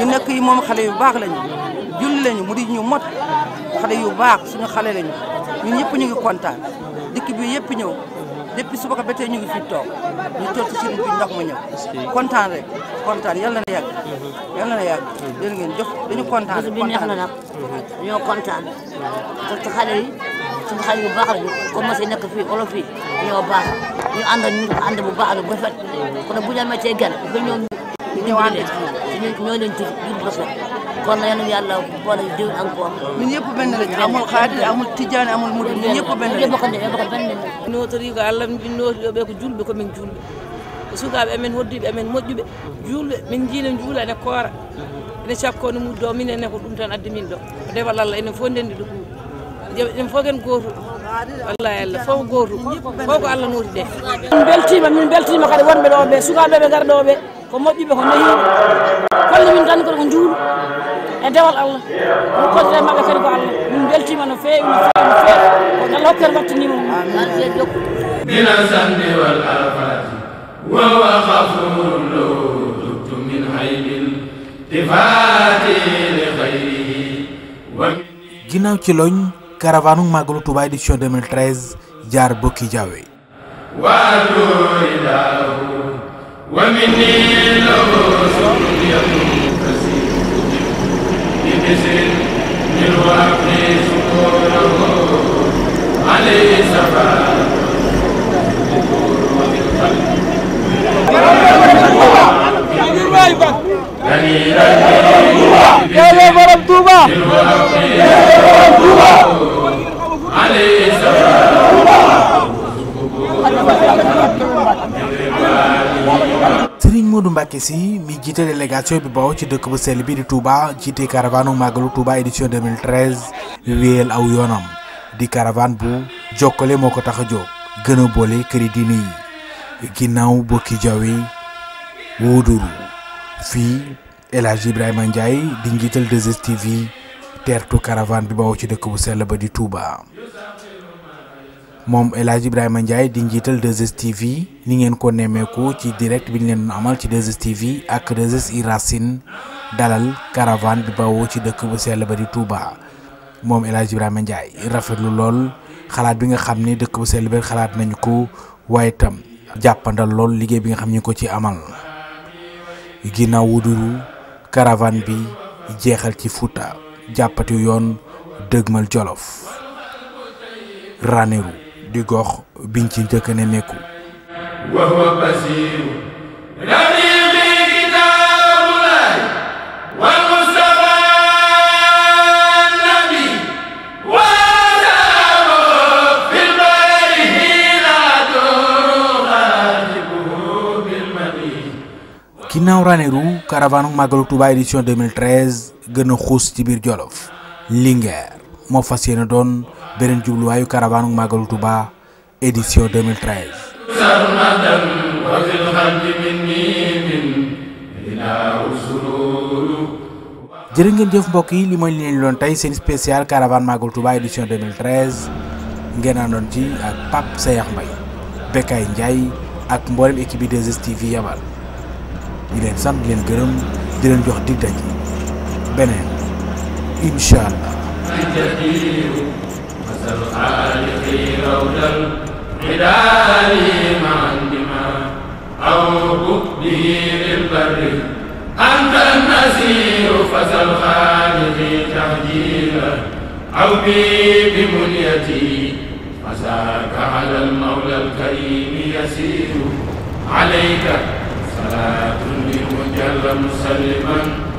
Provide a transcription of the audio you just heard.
yu nekk yi moom xale yu baax lañu julli lañu mu di ñu mot xale yu baax suñu xale lañu ñun ñëpp ñu ngi kontaan dikk bi yëpp ñëw depuis suba ko ba tey ñu ngi fi toog ñu toog ci sëriñ bi ndox kontaan rek kontaan yàlla na yàgg yàlla na yàgg ngeen jëf dañu kontaan bi neex na nag ñoo kontaan parce que xale yi suñu xale yu baax lañu commencé nekk fi olof yi ñoo baax ñu ànd ñu ànd bu baax la ba fet kon bu ñu amee cee gan ba ñoom ñu ñëwaat dañuy ñoo leen tudd jur rafet kon na yéen yàlla boole diw encore. ñun ñëpp benn lañ amul xaadir amul tijaan amul murid ñun ñëpp benn lañ. notori ko allah min notoriɓe ko julɓe komin julɓe ko sukaɓe amen hoddiɓe amen moƴƴuɓe julɓe min jiino juula ene koora ene cakkone muddo minenne ko ɗum addi min ɗo ko dewal enen fof ndenndi ɗum enen fof gootu wallahi allah fof goto fof ko allah nooti de min beltima min beltima kadi wonɓe ɗo ɓe sukaɓe ɓe garɗo ɓe ko moƴƴuɓe ko nehiɓe kolle min tan ko juulu e dewal allah mo koddere mabɓe kadi ko allah min beltima no fewi no fewi no allah hokkere wattanima mina samdi min haybin tifati li hayrihi ginnaaw ci caravanu màggalu Touba édition 2013 jaar bokki jawwe waalu ilaahu wa minni lahu yàlla borom Touba. Serigne Modou Mbacké Sy mi jiite délégation bi bawoo ci dëkk bu sell bi di Touba jiite caravane màgglu Touba édition 2013 wéyal aw yoonam di caravane bu jokkale moo ko tax a jóg gëna a boole këri diine yi ginnaaw bokki jawi wóoduru fii El Ibrahima Ndiaye di njiital 2STV teertu caravane bi bawoo ci dëkk bu sell ba di Touba moom El Ibrahima Ndiaye di njiital 2STV ni ngeen ko nemmeeku ci direct bi ñu leen amal ci 2STV ak 2STV dalal caravane bi bawoo ci dëkk bu sell ba di Touba moom El Hadj Ibrahima Ndiaye rafetlu lool xalaat bi nga xam ne dëkk bu sell bi xalaat nañu ko waaye itam jàppandal lool liggéey bi nga xam ñu ko ci amal. ginnaaw Wuduru caravane bi jeexal ci Fuuta jàppati yoon dëgmal Jolof Ranérou di gox biñ ci njëkk a nemmeeku ginnaaw Ranérou caravane màggalu Touba édition 2013 gën a xuus ci biir Jolof Linguère moo fas yéene doon beneen jubluwaayu caravane màggalu Touba édition 2013. jërë ngeen jëf mbokk yi li mooy li doon tey seen spécial caravane màggalu Touba édition 2013 ngeen àndoon ci ak Pape Sayax Mbaye Bekay Ndiaye ak mboolem équipe bi 2STV yabal. di leen sant di leen gërëm di leen jox dig daje beneen incha allah. فساك على المولى الكريم يسير عليك صلاة yàlla musalliman